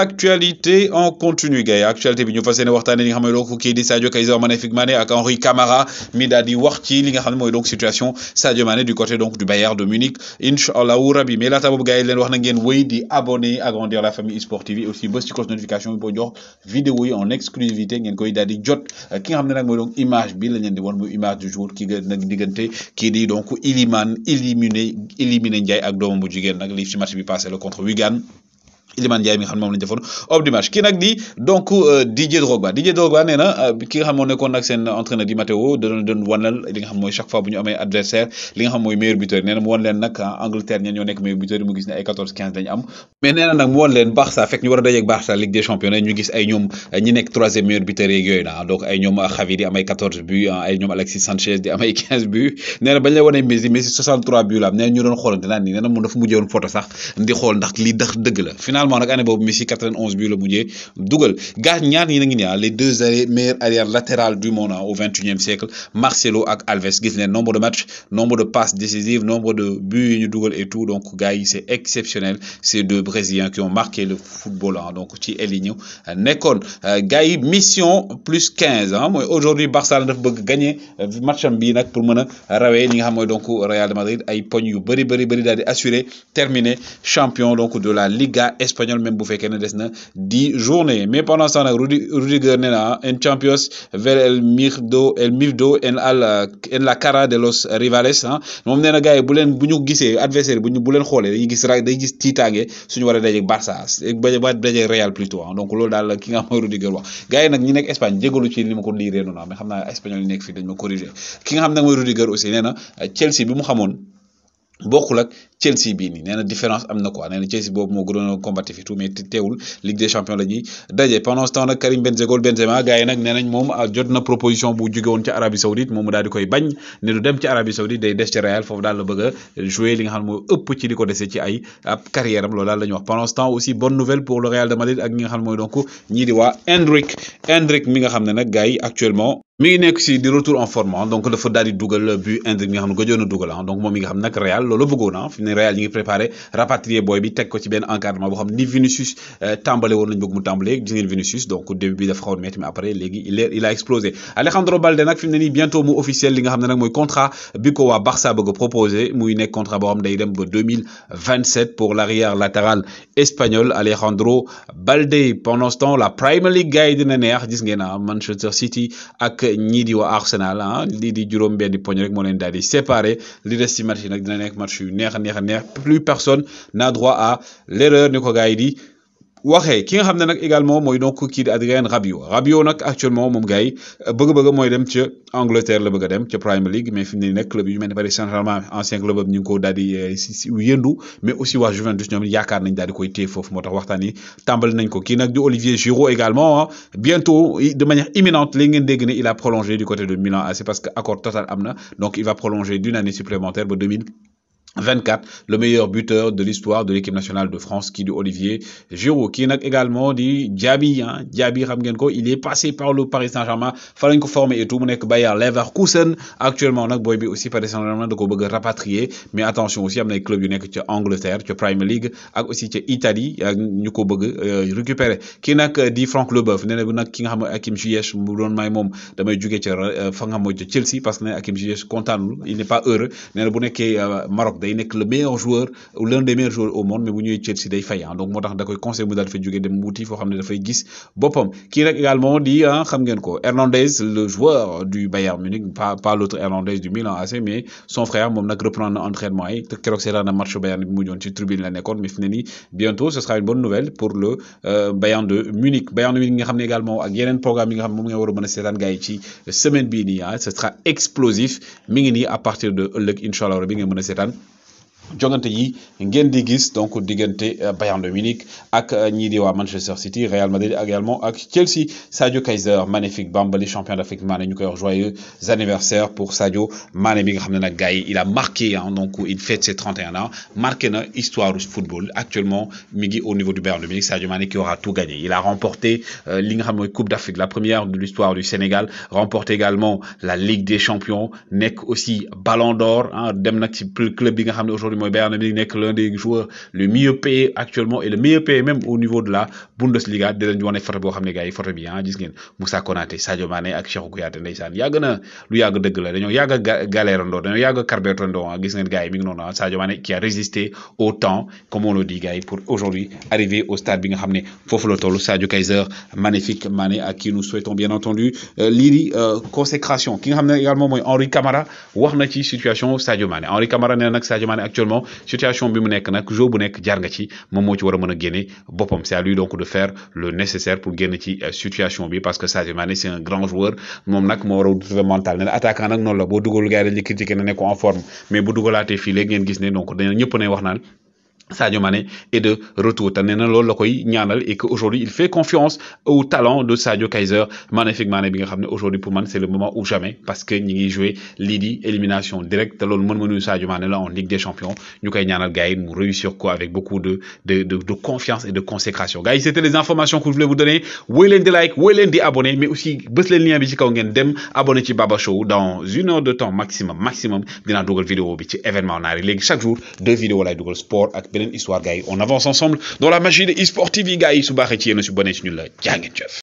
l'actualité en continu gay actualité bi ñu fas yéene waxtaane li nga xamné ne donc di Sadio Kaiser Mané Flick Mané ak Henri Camara mi daal di wax ci li nga xamné moy donc situation Sadio Mané du côté donc du Bayern de Munich incha allahu rabi mais laata boobu gars leen wax na ngeen wëy di abonné agrandir la famille Sport TV aussi bës ci cloche notification pour jox vidéo yi en exclusivité ngeen koy daal di jot ki nga xamné nak moy donc image bi lañ leen di won muy image du jour ki nga nag ki di donc Iliman éliminé éliminé Ndiaye ak doom bu jigéen nak li ci match bi passé le contre Wigan Iliman Ndiaye mi xam mom lañ defoon op du match ki nak di donc Didier Drogba Didier Drogba nee ki nga xam mo nekkoon nak sen entraîneur di Matteo da don don wonal li nga xam moy chaque fois bu ñu amee adversaire li nga xam moy meilleur buteur nee na mu wan leen nag Angleterre ñeen ñoo nekk meilleur buteur mu gis ni ay 14 15 dañ am mais nee nak mu won len Barça fek ñu wara dajé dajeeg Barça Ligue des Champions ñu gis ay ñom ñi nekk 3e meilleur buteur yeeg yoy na donc ay ñom Xavi di amay 14 buts ay ñom Alexis Sanchez di amay 15 buts nee bañ la woné Messi Messi 63 buts la am ñu don xoolante naan ni nee mu dafa mujjee woon photo sax di xol ndax li dax dëgg la finalement nag année boobu Messi 91 buts le mujjee dougal gars ñaar ñi nga les deux meilleurs arrières latérales du monde hein, au 21e siècle Marcelo ak Alves gis né nombre de matchs nombre de passes décisives nombre de buts double ñu dougal et tout donc gars c'est exceptionnel ces deux Brésiliens qui ont marqué le football hein, donc ci el euh, yi gars mission plus 15 hein aujourd'hui Barcelone dafa bëgg gagner euh, matcham bi nak pour mëna a ñi nga xam donc Real de Madrid ay poñ yu bari bari bari dal assurer terminer champion donc de la Liga espagnol même bu fekkee ne des na dix journée mais pendant ça temps nag Rudiger nee na en champions vers el mirdo el mirdo en al en la cara de los rivales ah moom nee na gars yi bu leen bu ñu gisee adversaire bu ñu bu leen xoolee dañuy gis ra day gis tiitaange suñu war a dajeeg Barça ba dajeeg Real plutôt ah donc loolu daal ki nga xam mooy Rudiger wax gars yi nag ñi nekk Espagne jégalu ci li ma ko diiree noonu ah. mais xam naa espagnol yi nekk fii dañ ma corriger ki nga xam nag mooy Rudiger aussi nee na Chelsea bi mu xamoon bokkul ak Chelsea bi ni nee différence amna quoi Chelsea bobu mo gënoon combattre fi tout mais teewul Ligue des champions lañuy dajé pendant ce temps nak Karim Benzema Benzema gars yi nag nee ah, jot na proposition bu jóge won ci Arabie Saoudite moom dal di koy bañ ne du dem ci Arabie Saoudite day des ci Real fofu dal la bëgg jouer li nga xam ne mooy ëpp ci liko ko ci ay carrière am loolu dal la wax pendant ce temps aussi bonne nouvelle pour le Real de Madrid ak nga xam moy donc ñi di wa Endrick Endrick mi nga xam ne nag gars actuellement. mi ngi nekk si di retour en forme ah, donc dafa dal di duggal euh, but Endrick nga xam ne jëna duggal ah, donc mom mi nga xam nak Real loolu bëggoon ne Real ñu ngi préparé rapatrier boy bi teg ko ci benn encadrement bo xam ni Vinicius euh, tambalé woon nañu bëgg mu tambalé gis ngeen Vinicius donc début bi dafa xawoon metti mais après légui il il a explosé Alejandro Balde nak fi ni bientôt mu officiel li nga xamné nak moy contrat bi ko wa Barça bëgg proposer muy nekk contrat bo xam day dem ba 2027 pour l'arrière latéral espagnol Alejandro Balde pendant ce temps la Premier League gars dina neex gis ngeena ah, Manchester City ak ñii di waa Arsenal hein ah, li di juróom-benn poñ rek mo leen daal di séparé li des ci match nak dina nekk match yu neex neex neex plus personne n'a droit à l'erreur ni ko gars di waxee ki nga xamné nak également moy donc kii di Adrien Rabiot Rabiot nak actuellement mom gars yi euh, bëgg-bëgg mooy dem ci Angleterre la bëgg dem ci Premier League mais fi mu club yu mel ni Paris Saint-Germain ancien club am ñu ko daldi euh, yëndu mais aussi wa Juventus ñom yaakar nañ daldi koy téye fofu motax waxtani tambal nañ ko ki nak du Olivier Giroud également hein, bientôt de manière imminente léegi ngeen dégg ne il a prolongé du côté de Milan AC parce que accord total amna donc il va prolonger d'une année supplémentaire ba 2000 24 le meilleur buteur de l'histoire de l'équipe nationale de France qui est Olivier Giroud qui est également dit Diaby hein. Diaby Ramgenko il est passé par le Paris Saint-Germain fallait lañ ko et tout mu nekk Bayer Leverkusen actuellement on a bi aussi Paris Saint-Germain da ko rapatrier mais attention aussi y a ay club yu est Angleterre, Angleterre est Premier League ak aussi ca Italie ak a bëgg euh, récupérer qui est di Franck Leboeuf nee a dit ki nga xam ne Hakim mu doon may moom damay euh, Chelsea parce que Akim content, il n'est pas heureux nee qui bu euh, Maroc day nek le meilleur joueur ou l'un des meilleurs joueurs au monde mais bu ñëwee Chelsea day fay ah. donc motax tax da koy conseil mu dal fa jógee dem wuti fo xamné da fay gis boppam kii rek également di ah xam ngeen ko Hernandez le joueur du Bayern Munich pas pas l'autre Hernandez du Milan AC mais son frère mom nak reprendre l'entraînement entraînement yi te keroog seetaan na match Bayern bi mu mujjoon ci tribune la nekkoon mais fi bientôt ce sera une bonne nouvelle pour le euh, Bayern de Munich Bayern Munich nga xamné également ak yenen programme yi nga xam mom nga war a mën ci semaine bi ni ah ce sera explosif mi ngi à partir de ëllëg Inshallah, allah nga mën sétane jogante yi ngeen di gis donc diggante euh, Bayern de Munich ak euh, ñi di Manchester City Real Madrid également ak Chelsea Sadio Kaiser magnifique Bambali champion d'Afrique Mané joyeux anniversaire pour Sadio Mané bi il a marqué hein donc il fête ses 31 ans marqué na histoire du football actuellement mi au niveau du Bayern de Munich Sadio Mané qui aura tout gagné il a remporté euh, li Coupe d'Afrique la première de l'histoire du Sénégal remporté également la Ligue des Champions nek aussi Ballon d'Or ah dem plus ci club bi aujourd'hui mooy Bayern mi nekk l'un des joueurs le mieux payé actuellement et le meilleur payé même au niveau de la Bundesliga de leen woné photo bo xamné ne gars yi photo bi ah gis ngeen Moussa Konaté Sadio Mané ak Cheikhou Kouyaté ndeysaan yàgg na lu yag deug la dañu yag galère ndo dañu yag carbeto ndo ah, gis ngeen gars yi mi ngi noonu ah, Sadio Mané qui a résisté autant comme on le dit gars pour aujourd'hui arriver au stade bi nga xamné fofu foofu la toll Sadio Kaiser magnifique Mané à qui nous souhaitons bien entendu euh, lii euh, consécration ki nga xamné également moy Henri Camara wax na ci situation Sadio Mané Henri Camara né nak Sadio Mané actuellement actuellement situation bi mu nek nak jour bu nek jar nga ci mom mo ci wara meuna mën bopam génne c'est à lui donc de faire le nécessaire pour génn ci euh, situation bi parce que Sadio Mané c'est un grand joueur mom nak mo wara a trouver mental né attaquant nak non la bo dougal gars yi dañuy critiquer né nekk en forme mais bu dougalaté fi léegi ngeen gis ne donc dañu ñëpp ne wax naan Sadio Mané est de retour na loolu et qu'aujourd'hui il fait confiance au talent de Sadio Kaiser magnifique Mané bi nga aujourd'hui pour man c'est le moment ou jamais parce que ñi ngi joué lii élimination directe te loolu mën Sadio Mané là en Ligue des Champions nous koy ñaanal mu réussir quoi avec beaucoup de de de confiance et de consécration gars c'était les informations que je voulais vous donner woy leen di like woy leen di mais aussi bës les lien bi ci dem abonné ci Baba Show dans une heure de temps maximum maximum la dugal vidéo bi ci événement naari léegi chaque jour deux vidéos lay dugal sport ak histoire gars on avance ensemble dans la magie e-sportive TV gars yi su baaxee ci su ci la